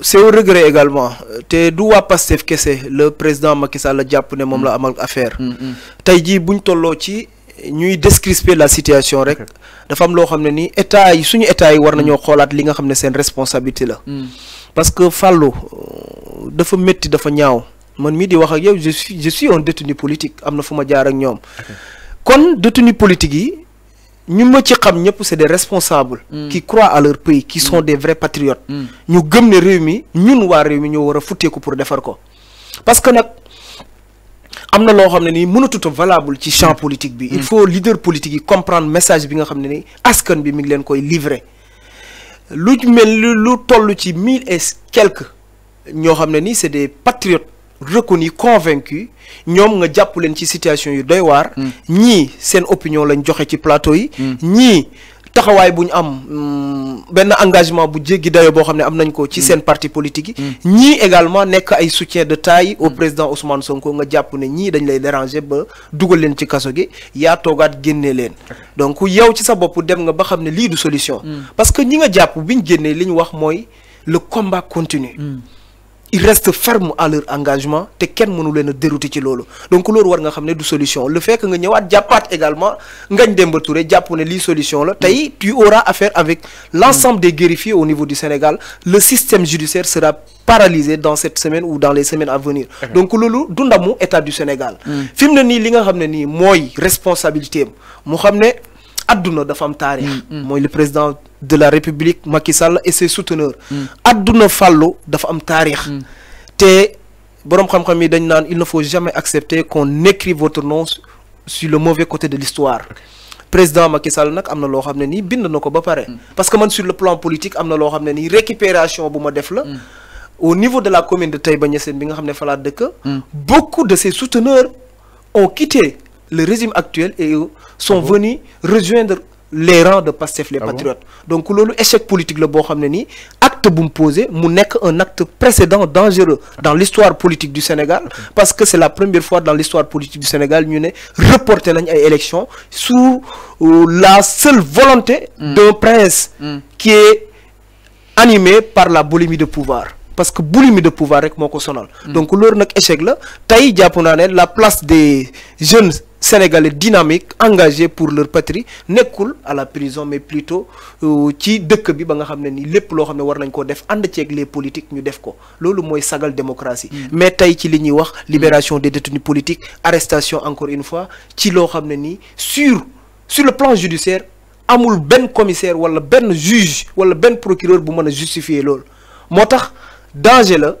c'est regret également te du waa Pastef kese le président Macky Sall la jàpp ne moom la mm. amal affaire. Mm, mm. tey jii buñ tolloo ci ñuy décrisper la situation rek dafa am loo xam ne ni état yi suñu état yi war nañoo xoolaat li nga xam ne seen responsabilité la. parce que Fallou dafa métti dafa ñaaw man mii di wax ak yow je suis je détenu politique am na fu ma jaar ak ñoom kon détenu politique yi. Nous, sommes des responsables. qui croient à leur pays qui sont des vrais patriotes. Nous sommes réunis, réew nous ñun waa réew mi ñoo pour parce que nous sommes tout les xam ne sont dans valable champ politique il faut leader politique yi comprendre message bi nga que nous ni askan bi mi ngi leen koy livrer lu mel lu ci et quelques c'est des patriotes reconnu convaincu nous nga déjà pour ci situation yu doy waar. Mm. ñii seen opinion lañ joxe ci plateau yi. Mm. ñii taxaway buñ am ben engagement bu jéggi dayo bo xamné am nañ ko. ci seen parti politique yi. également nek ay soutien de taille au président Ousmane Sonko nga japp né ñi dañ lay déranger ba dugal leen ci kasso gi ya togat génné len donc yow ci sa bop dem nga ba xamné li du solution. parce que ñi nga japp bi génné liñ wax moy le combat continue ils restent fermes à leur engagement te ken mënu leen dérouter ci donc loolu war nga xamné du solution le fait que nga ñëwaat jàppaat également ngañ demb Touré jàpp né li solution la Tay tu auras affaire avec l'ensemble des guérifiés au niveau du Sénégal le système judiciaire sera paralysé dans cette semaine ou dans les semaines à venir donc nous dundamu état du Sénégal hmm. Fim de ni li nga xamné responsabilité mu xamné aduna hmm. hmm. le président de la république Macky Sall et ses souteneurs. Mm. dafa am mm. te comme xam-xam il ne faut jamais accepter qu'on écrit votre nom sur le mauvais côté de l'histoire président Macky Sall nak amna na xamné ni bind na ba pare. Mm. parce que man sur le plan politique am na xamné ni récupération la. au niveau de la commune de Taïba beaucoup de ses souteneurs ont quitté le régime actuel et sont ah venus rejoindre les rangs de Pastef les ah patriotes donc l'échec échec politique le bo acte bon posé un acte précédent dangereux dans l'histoire politique du Sénégal parce que c'est la première fois dans l'histoire politique du Sénégal nous avons reporté l'élection sous euh, la seule volonté mm. d'un prince mm. qui est animé par la bulimie de pouvoir parce que boulimie de pouvoir rek mon hmm. donc loolu nak échec la tay la place des jeunes sénégalais dynamiques engagés pour leur patrie pas à la prison mais plutôt euh, ci deuk bi ba nga xamné ne ni lépp lo xamné war nañ def les politiques ñu def ko lolu moy sagal démocratie. Hmm. mais tay ci li ñi wax. Hmm. libération des détenus politiques arrestation encore une fois ci lo xamné sur sur le plan judiciaire amul ben commissaire wala ben juge wala ben procureur bu justifier lolu motax danger la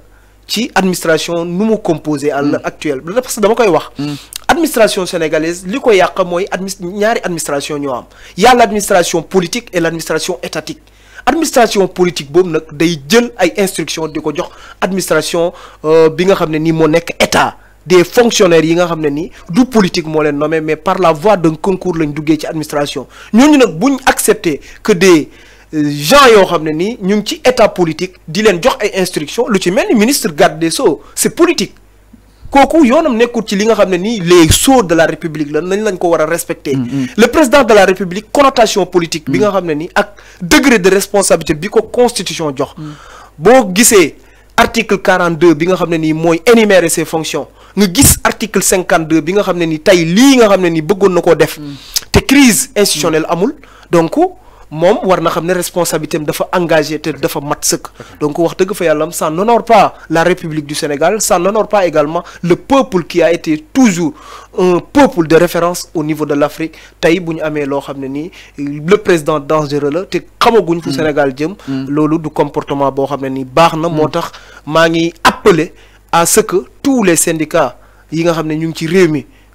ci administration nous mu composé à l'heure mm. actuelle parce que dama koy wax mm. administration sénégalaise liko yak moy ñaari administration ñu am a l'administration politique et l'administration étatique administration politique boobu nak day jël ay instructions diko jox administration euh, bi nga xamné ni mo nek état des fonctionnaires yi nga xamné ni du politique mo len nommé mais par la voie d'un concours lañ duggé ci administration ñooñu nak buñ accepter que des gens yo xamné ni nii ci état politique di len jox ay instructions lu ci mel ministre garde des sceaux c'est politique koku yonam nekkul ci li nga xamné ni les sceaux de la république la nañ lañ ko wara respecter. Mm, mm. le président de la république connotation politique. bi mm. nga xamné ni ak degré de responsabilité bi ko constitution jox. bo gissé article 42 bi nga xamné ni moy énumérer ses fonctions nga gis article 52 bi nga xamné ni tay li nga xamné ni bëggon nako def. te crise institutionnelle amul donc mom war na responsabilité dafa engagé te dafa mat donc wax deug fa yàlla ça n'honore pas la République du Sénégal ça n'honore pas également le peuple qui a été toujours un peuple de référence au niveau de l'Afrique tay bu amé lo xamné ni le président dangereux la té xamaguñ fu hmm. Sénégal jëm hmm. lolu du comportement bo xamné ni baxna motax hmm. ma ngi appeler à ce que tous les syndicats yi nga xamné ñu ci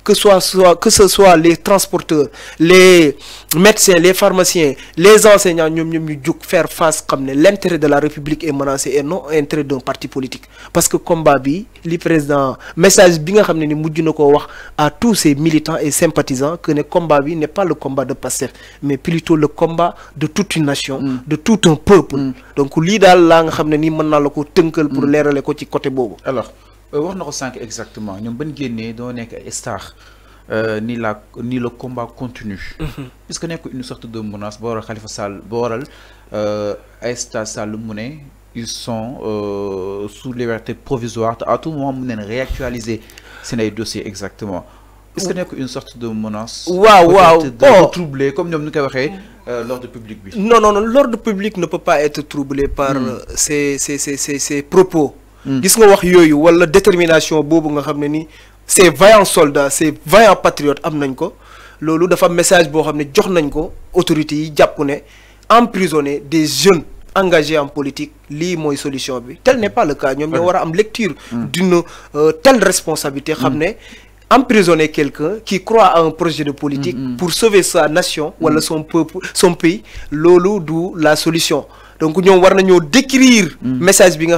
que, soit, soit, que ce soit les transporteurs, les médecins, les pharmaciens, les enseignants, nous devons faire face comme l'intérêt de la République est menacé et non l'intérêt d'un parti politique. Parce que combat le président, message à tous ces militants et sympathisants que le combat n'est pas le combat de passer, mais plutôt le combat de toute une nation, mm. de tout un peuple. Mm. Donc, l'idée là, nous devons faire pour mm. l'air côté bobo. Alors, euh, wax na ko sànq exactement ñoom bañ génnee doo nekk ay star euh, ni la ni le combat continue mhm. puisque nekk une sorte de menace boo Khalifa Sall boo waral euh, Aïssata Sall Mouné, ils sont sous liberté provisoire à tout moment mu réactualiser seen ay dossiers exactement est-ce que nekk une sorte de menace Wow waaw bon oh. troublé comme nous ni koy waxee l'ordre public bi non non non l'ordre public ne peut pas être troublé par hmm. ces ces ces ces propos Mm. gis nga wax yoyu wala détermination bobu nga xamné ni ces vaillants soldats ces vaillants patriotes amnañ ko lolu message bo xamné jox nañ ko autorités yi emprisonner des jeunes engagés en politique li mooy solution tel n'est pas le cas nous ñoo une lecture mm. d'une euh, telle responsabilité mm. emprisonner quelqu'un qui croit à un projet de politique pour sauver sa nation ou son son pays C'est la solution donc nous war décrire décrire message bi nga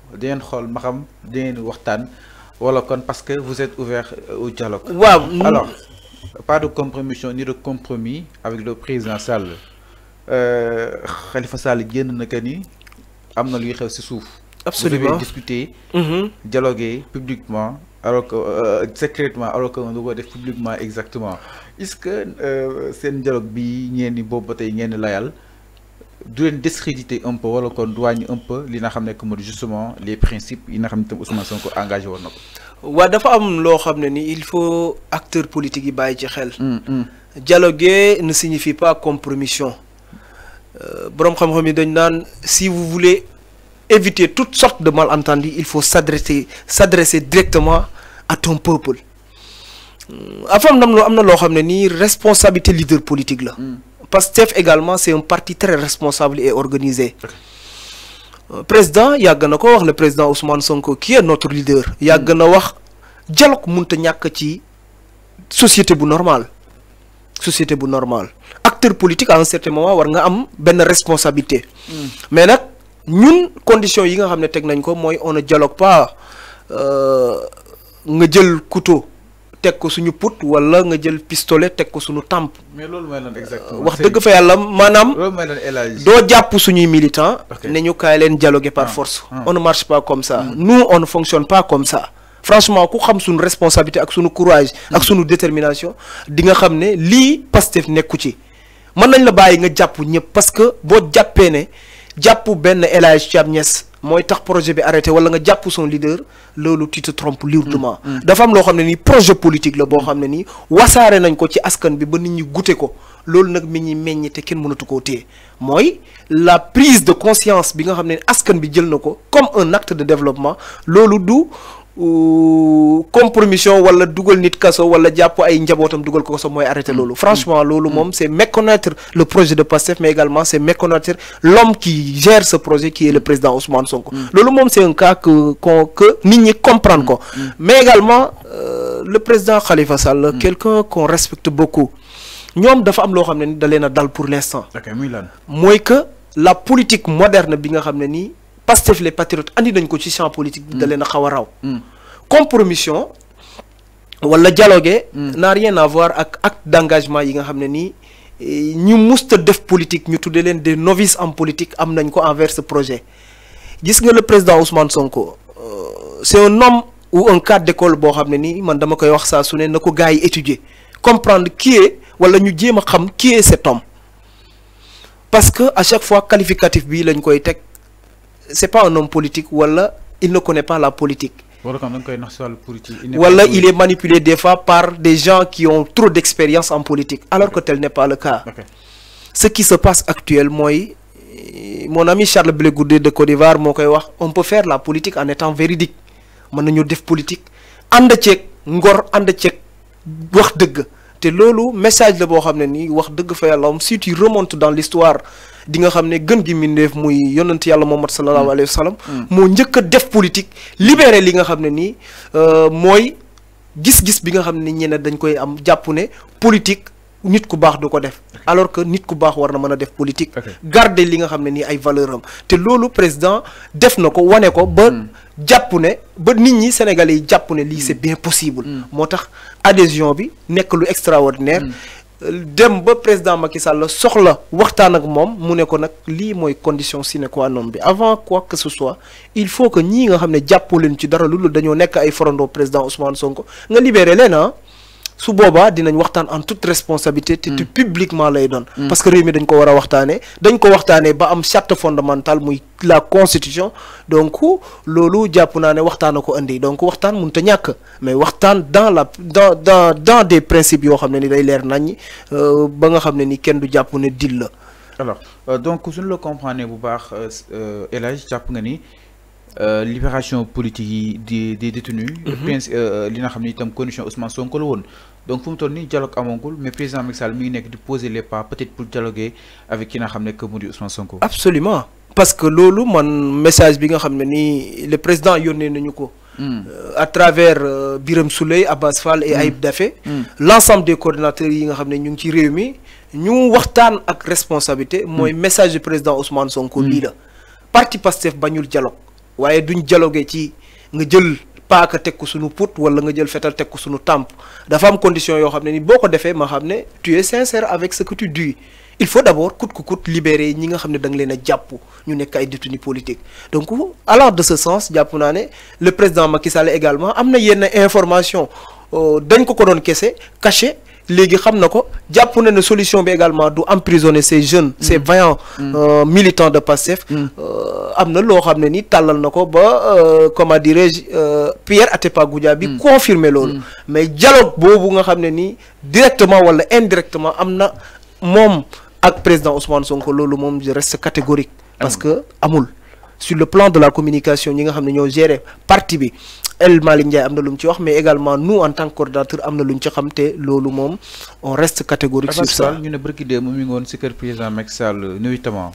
dien ngeen xool ma xam wala kon parce que vous êtes ouvert euh, au dialogue. waaw alors pas de compromission ni de compromis avec le président Sall euh, Khalifa Sall genn na que ni amna luy xew ci souf absolument vous avez discuté. Mm-hmm. dialoguer publiquement alors que euh, secrètement alors que on ko publiquement exactement est-ce que seen dialogue bi ngeen ni boobu ba tey layal du discréditer un peu wala kon duwaañ un peu li nga xam ne justement les principes yi nga xam tam Ousmane Sonko engagé woon dafa am lo xamné ni il faut acteurs politiques yi ci xel. Mm, mm. dialoguer ne signifie pas compromission euh, borom xam-xam yi dañ nan si vous voulez éviter toutes sortes de malentendus il faut s'adresser s'adresser directement à ton peuple. Euh, afam nam lo amna lo xamné ni responsabilité leader politique la. Mm. PASTEF également c'est un parti très responsable et organisé euh, président il y a wax le président Ousmane Sonko qui est notre leader Il a wax dialogue le dialogue ci société bu normale société bu normale acteur politique à un certain moment war nga responsabilité hmm. mais nous, ñun condition yi ne nañ on ne dialogue pas euh, nga couteau teg ko suñu put wala nga jël pistolet teg ko suñu tamp mais lolou may lan exactement wax deug fa yalla manam do japp suñuy ne ñu pas dialoguer par ah. force ah. on ne marche pas comme ça hmm. nous on ne fonctionne pas comme ça franchement ku xam suñu responsabilité ak suñu courage hmm. ak suñu détermination di nga xam ne Pastef nekku ci une nañ la avons nga parce que ben moy tax projet bi arrêté wala nga pour son leader lolu tu te trompes lourdement mm, mm. dafa am projet politique la été xamné ni wasaré nañ ko ci askan bi ba nit ñi ko la prise de conscience bi nga xamné comme un acte de développement lolu du ou compromission wala dougal nit kasso wala japp ay njabotam dougal ko kaso arrêter arrêté mm. franchement mm. lolu mom mm. c'est méconnaître le projet de PASTEF mais également c'est méconnaître l'homme qui gère ce projet qui est le président Ousmane Sonko lolu mom c'est un cas que nous que nit ñi comprendre ko mais également euh, le président Khalifa Sall quelqu'un qu'on respecte beaucoup nous, dafa am lo xamné ont ni dal pour l'instant moy que la politique moderne bi nga xamné Pastef les patriotes andi nañ ko ci champ politique de da leen a xaw mm. compromission wala dialogue mm. n'a rien à voir avec acte d'engagement yi nga xam ne eh, ñu musta def politique ñu tudde des novices en politique am nañ ko envers ce projet gis nga le président Ousmane Sonko euh, c'est un homme ou un cadre d'école qui xam ne man dama koy wax étudier comprendre qui est wala ñu jéem xam qui est cet homme parce que à chaque fois qualificatif bi lañ koy tek c'est pas un homme politique wala il ne connaît pas la politique. Voilà, il est manipulé des fois par des gens qui ont trop d'expérience en politique, alors que tel n'est pas le cas. Ce qui se passe actuellement, euh, mon ami Charles Blegoudé de Côte d'Ivoire, on peut faire la politique en étant véridique. On peut faire politique. faire te loolu message la boo xam ne nii wax dëgg fa yàlla si tu remontes dans l'histoire di nga xam ne gën gi mbindeef muy yonent yàlla Muhammad sallallahu mm. alayhi wa sallam mm. moo njëkk a def politique libéré li nga xam ne nii euh, mooy gis-gis bi nga xam ne ñeneen dañ koy am jàpp ne politique nit ku baax du ko def alors que nit ku baax war na mën a def politique garder li nga xam ne nii ay valeur am te loolu président def na ko wane ko ba mm. jàpp ne ba nit ñi sénégal yi jàpp ne lii c'est bien possible moo tax adhésion bi nekk lu extraordinaire. Mm. dem ba président Macky Sall soxla waxtaan ak moom mu ne ko nag lii mooy condition si sine qua non bi avant quoi que ce soit il faut que ñii nga xam ne jàppoo leen ci dara loolu dañoo nekk ay forandoo président Ousmane Sonko nga libéré leen ah. su boba dinañ waxtaan en toute responsabilité te mm. publiquement lay don mm. parce que réew mi dañ ko wara a dañ ko waxtaanee ba am charte fondamentale muy la constitution donc lolu jappunaane naa a ko indi donc waxtaan mënut a ñàkk mais waxtaan dans la dans dans dans des principes yo xamné ni day leer nañ euh, ba nga xamné ni kenn du japp ne dil la alors euh, donc suñu le comprendre bu baax euh Hadj japp nga ni euh, libération politique des des détenus li nga xam ne itam condition Ousmane Sonko la donc fu tonni toll nii dialogue mais président Macky mi nek di poser les pas peut-être pour dialoguer avec qui nga xamné que Ousmane Sonko. absolument parce que lolu man message bi nga xamné le président Yoné nañu ko. Hmm. Euh, à travers euh, biram Souley Abbas Fall et hmm. Aïb Dafé, hmm. l'ensemble des coordinateurs qui nga xam ne ñu ngi ci réew responsabilité. message du président Ousmane Sonko lii la. parti Pastef bañul dialogue Vous duñ dialogue ci nga jël paaka teg ko suñu put wala nga jël fetal teg ko suñu tàmp dafa am condition yoo xam ne ni boo ko defee ma xam tu es sincère avec ce que tu dis il faut d'abord coûte que coûte libérer ñi nga xam ne da nga leen ni ne ñu nekk ay politique donc alors de ce sens jàpp naa le président Macky Sall également am na information euh, dañ ko ko doon kese caché les xam na ko solution également du emprisonner ces jeunes mm. ces vaillants mm. euh, militants de PASSEF. Mm. Euh, am na loo xam ni euh, comment dirais Pierre Atepa a confirmé loolu mais dialogue nga directement ou indirectement amna mom ak président Ousmane Sonko mom, je reste catégorique parce que amul sur le plan de la communication ñi nga géré gérer parti El Malick amna lu ci wax mais également nous en tant que coordinateur amna na lu ci xam te loolu on reste catégorique sur ça ñu né bërki de moom mi ngi woon président Macky Sall nuitamment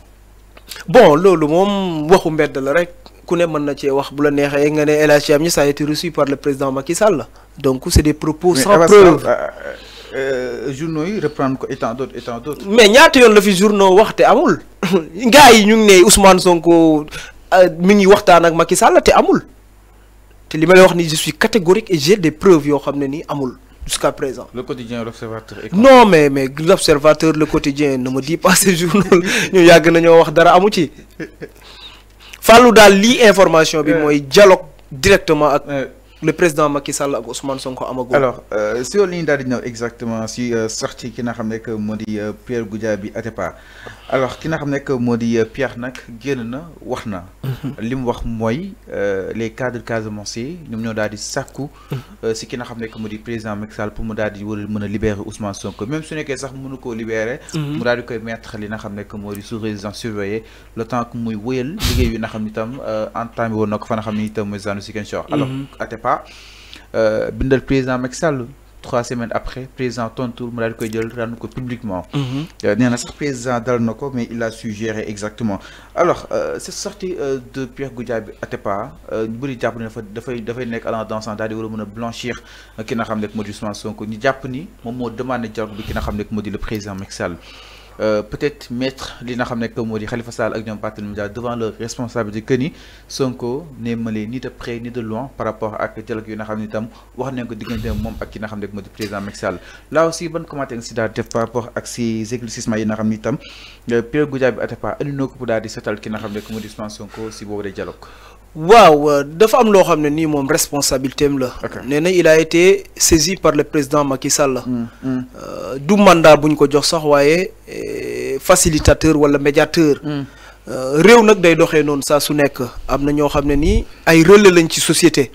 bon lolu mom waxu mbedd la rek ku né mën na cee wax bu la nexé nga né El ñi ça a été reçu par le président Macky Sall donc c'est des propos sans preuve euh, euh, journaux reprendre ko et d'autres et d'autres mais ñaata yoon la fi journaux wax amul gaay ñu né Ousmane Sonko euh, mi ngi waxtaan ak Macky Sall te amul je suis catégorique et j'ai des preuves jusqu'à présent. le quotidien l'observateur non mais mais l'observateur le quotidien ne me dit pas ces journaux ñu yàgg nañoo wax dara amu ci fàllu Il faut information euh. dialogue directement avec le président Macky Sall ak Ousmane Sonko amago alors euh, si yow li dal daal di ñëw exactement si euh, sorti ki nga xam ne que moo di euh, Pierre Goudiaby Atepa alors ki nga xam ne que moo Pierre nak genn na wax na. Mhm. li mu wax mooy les cadres casamançais ñoom ñoo dal di sàkku. Mhm. si ki nga xam ne que moo président Macky Sall pour mu dal di war mëna libérer Ousmane Sonko même su nekké sax mënu ko libérer. Mhm. mu dal di koy mettre li nga xam que modi sous résidence surveillée le temps que muy wëyel liggéey yu nga xam ne itam entamé woon na ko fa nga xam ne itam mooy Zanu Ziguinchor. alors até pas pas euh, bindal président Macky Sall trois semaines après président tontu mu daal di rendu ko publiquement mhm. euh néna sax président dal nako mais il a suggéré exactement alors euh, cette sortie euh, de Pierre Goudiaby Atepa euh, ñu bëri jàpp ni dafa dafay dafay nekk allant dans ce sens di wara a blanchir ki nga xam ne moo di Ousmane Sonko ñu jàpp ni moom mo demandé dialogue bi ki nga xam ne moo le président Macky Sall euh, peut-être mettre li nga xamné que Khalifa devant le responsable de ni Sonko ne malé ni de près ni de loin par rapport ak dialogue yu nga ne wax ko ak président Macky là aussi ban commentaire def par rapport ak ces yi nga pire ne euh, Atepa pour di sétal ki nga xamné ne Sonko de dialogue waaw euh, dafa am loo xam ni nii responsabilité am la. il a été saisi par le président Macky Sall. Mm, mm. Euh, du mandat bu ñu ko jox sax eh, facilitateur wala médiateur. Mm. Euh, réew nag day doxee noonu saa su nekk am na ñoo ni, ay société.